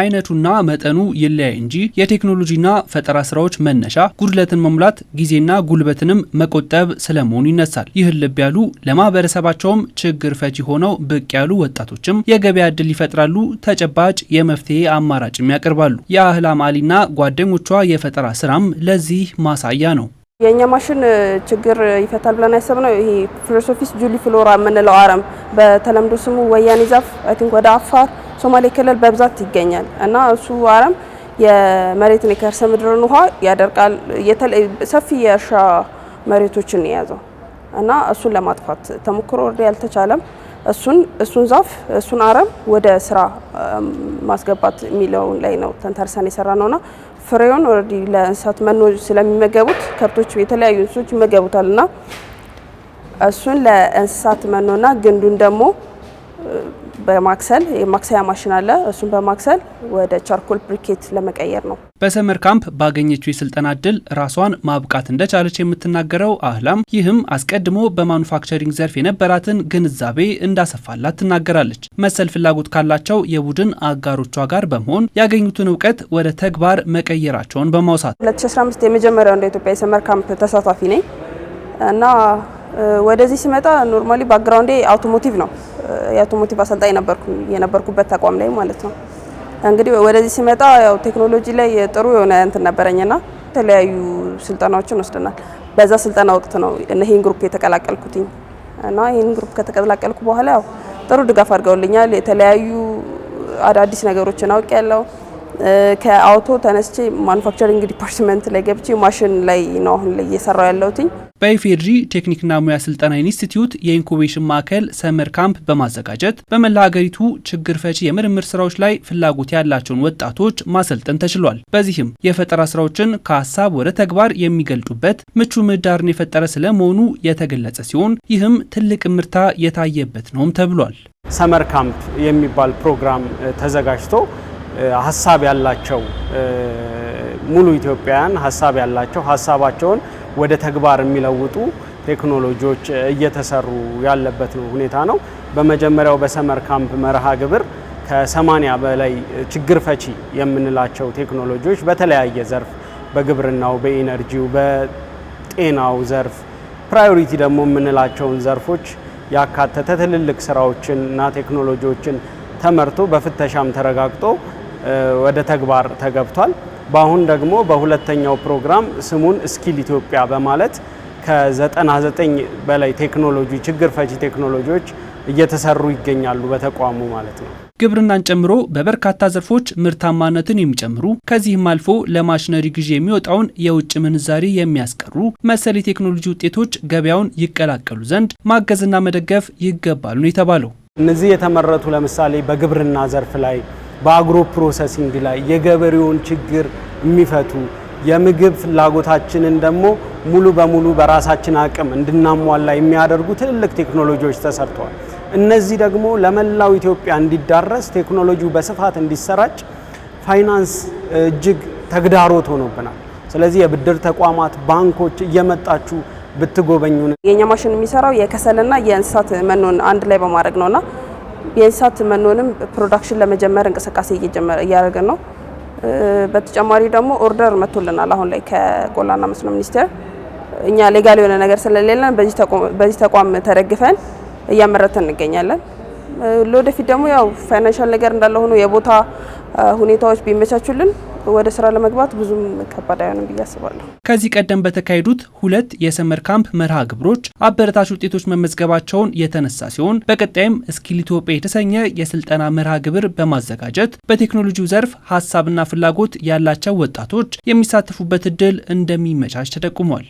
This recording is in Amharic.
አይነቱና መጠኑ ይለያይ እንጂ የቴክኖሎጂና ፈጠራ ስራዎች መነሻ ጉድለትን መሙላት ጊዜና ጉልበትንም መቆጠብ ስለመሆኑ ይነሳል። ይህን ልብ ያሉ ለማህበረሰባቸውም ችግር ፈቺ ሆነው ብቅ ያሉ ወጣቶችም የገበያ እድል ይፈጥራሉ፣ ተጨባጭ የመፍትሄ አማራጭም ያቀርባሉ። የአህላም አሊና ጓደኞቿ የፈጠራ ስራም ለዚህ ማሳያ ነው። የእኛ ማሽን ችግር ይፈታል ብለን ያሰብነው ይሄ ፍሎሶፊስ ጁሊ ፍሎራ የምንለው አረም በተለምዶ ስሙ ወያኔ ዛፍ አይ ቲንክ ወደ አፋር ሶማሌ ክልል በብዛት ይገኛል እና እሱ አረም የመሬትን የከርሰ ምድርን ውሃ ያደርቃል። ሰፊ የእርሻ መሬቶችን የያዘው እና እሱን ለማጥፋት ተሞክሮ ወርድ ያልተቻለም እሱን እሱን ዛፍ እሱን አረም ወደ ስራ ማስገባት የሚለውን ላይ ነው ተንተርሰን የሰራ ነውና ፍሬውን ኦልሬዲ ለእንስሳት መኖ ስለሚመገቡት ከብቶች የተለያዩ እንስሶች ይመገቡታልና እሱን ለእንስሳት መኖና ግንዱን ደግሞ በማክሰል የማክሰያ ማሽን አለ። እሱን በማክሰል ወደ ቻርኮል ብሪኬት ለመቀየር ነው። በሰመር ካምፕ ባገኘችው የስልጠና እድል ራሷን ማብቃት እንደቻለች የምትናገረው አህላም ይህም አስቀድሞ በማኑፋክቸሪንግ ዘርፍ የነበራትን ግንዛቤ እንዳሰፋላት ትናገራለች። መሰል ፍላጎት ካላቸው የቡድን አጋሮቿ ጋር በመሆን ያገኙትን እውቀት ወደ ተግባር መቀየራቸውን በማውሳት 2015 የመጀመሪያው እንደ ኢትዮጵያ የሰመር ካምፕ ተሳታፊ ነኝ እና ወደዚህ ሲመጣ ኖርማሊ ባክግራውንዴ አውቶሞቲቭ ነው የአውቶሞቲቭ አሰልጣኝ ነበርኩ የነበርኩበት ተቋም ላይ ማለት ነው። እንግዲህ ወደዚህ ሲመጣ ያው ቴክኖሎጂ ላይ ጥሩ የሆነ እንትን ነበረኝና የተለያዩ ስልጠናዎችን ወስደናል። በዛ ስልጠና ወቅት ነው ይህን ግሩፕ የተቀላቀልኩትኝ እና ይህን ግሩፕ ከተቀላቀልኩ በኋላ ያው ጥሩ ድጋፍ አድርገውልኛል። የተለያዩ አዳዲስ ነገሮችን አውቅ ያለው ከአውቶ ተነስቼ ማኑፋክቸሪንግ ዲፓርትመንት ላይ ገብቼ ማሽን ላይ ነው አሁን ላይ እየሰራው ያለሁትኝ። በኢፌድሪ ቴክኒክና ሙያ ስልጠና ኢንስቲትዩት የኢንኩቤሽን ማዕከል ሰመር ካምፕ በማዘጋጀት በመላ ሀገሪቱ ችግር ፈቺ የምርምር ስራዎች ላይ ፍላጎት ያላቸውን ወጣቶች ማሰልጠን ተችሏል። በዚህም የፈጠራ ስራዎችን ከሀሳብ ወደ ተግባር የሚገልጡበት ምቹ ምህዳርን የፈጠረ ስለመሆኑ የተገለጸ ሲሆን ይህም ትልቅ ምርታ የታየበት ነውም ተብሏል። ሰመር ካምፕ የሚባል ፕሮግራም ተዘጋጅቶ ሀሳብ ያላቸው ሙሉ ኢትዮጵያውያን ሀሳብ ያላቸው ሀሳባቸውን ወደ ተግባር የሚለውጡ ቴክኖሎጂዎች እየተሰሩ ያለበት ሁኔታ ነው። በመጀመሪያው በሰመር ካምፕ መርሃ ግብር ከሰማኒያ በላይ ችግር ፈቺ የምንላቸው ቴክኖሎጂዎች በተለያየ ዘርፍ በግብርናው፣ በኢነርጂው፣ በጤናው ዘርፍ ፕራዮሪቲ ደግሞ የምንላቸውን ዘርፎች ያካተተ ትልልቅ ስራዎችን እና ቴክኖሎጂዎችን ተመርቶ በፍተሻም ተረጋግጦ ወደ ተግባር ተገብቷል። በአሁን ደግሞ በሁለተኛው ፕሮግራም ስሙን ስኪል ኢትዮጵያ በማለት ከ99 በላይ ቴክኖሎጂ ችግር ፈቺ ቴክኖሎጂዎች እየተሰሩ ይገኛሉ በተቋሙ ማለት ነው። ግብርናን ጨምሮ በበርካታ ዘርፎች ምርታማነትን የሚጨምሩ ከዚህም አልፎ ለማሽነሪ ግዢ የሚወጣውን የውጭ ምንዛሪ የሚያስቀሩ መሰል የቴክኖሎጂ ውጤቶች ገበያውን ይቀላቀሉ ዘንድ ማገዝና መደገፍ ይገባሉ ነው የተባለው። እነዚህ የተመረቱ ለምሳሌ በግብርና ዘርፍ ላይ በአግሮ ፕሮሰሲንግ ላይ የገበሬውን ችግር የሚፈቱ የምግብ ፍላጎታችንን ደግሞ ሙሉ በሙሉ በራሳችን አቅም እንድናሟላ የሚያደርጉ ትልልቅ ቴክኖሎጂዎች ተሰርተዋል። እነዚህ ደግሞ ለመላው ኢትዮጵያ እንዲዳረስ ቴክኖሎጂው በስፋት እንዲሰራጭ ፋይናንስ እጅግ ተግዳሮት ሆኖብናል። ስለዚህ የብድር ተቋማት፣ ባንኮች እየመጣችሁ ብትጎበኙ የእኛ ማሽን የሚሰራው የከሰልና የእንስሳት መኖን አንድ ላይ በማድረግ ነውና የእንስሳት መኖንም ፕሮዳክሽን ለመጀመር እንቅስቃሴ እያደረግን ነው። በተጨማሪ ደግሞ ኦርደር መጥቶልናል አሁን ላይ ከቆላና መስኖ ሚኒስቴር። እኛ ሌጋል የሆነ ነገር ስለሌለን በዚህ ተቋም ተደግፈን እያመረተን እንገኛለን። ለወደፊት ደግሞ ያው ፋይናንሻል ነገር እንዳለ ሆኖ የቦታ ሁኔታዎች ቢመቻቹልን ወደ ስራ ለመግባት ብዙም ከባድ አይሆንም ብዬ አስባለሁ። ከዚህ ቀደም በተካሄዱት ሁለት የሰመር ካምፕ መርሃ ግብሮች አበረታች ውጤቶች መመዝገባቸውን የተነሳ ሲሆን በቀጣይም ስኪል ኢትዮጵያ የተሰኘ የስልጠና መርሃ ግብር በማዘጋጀት በቴክኖሎጂው ዘርፍ ሀሳብና ፍላጎት ያላቸው ወጣቶች የሚሳተፉበት እድል እንደሚመቻች ተጠቁሟል።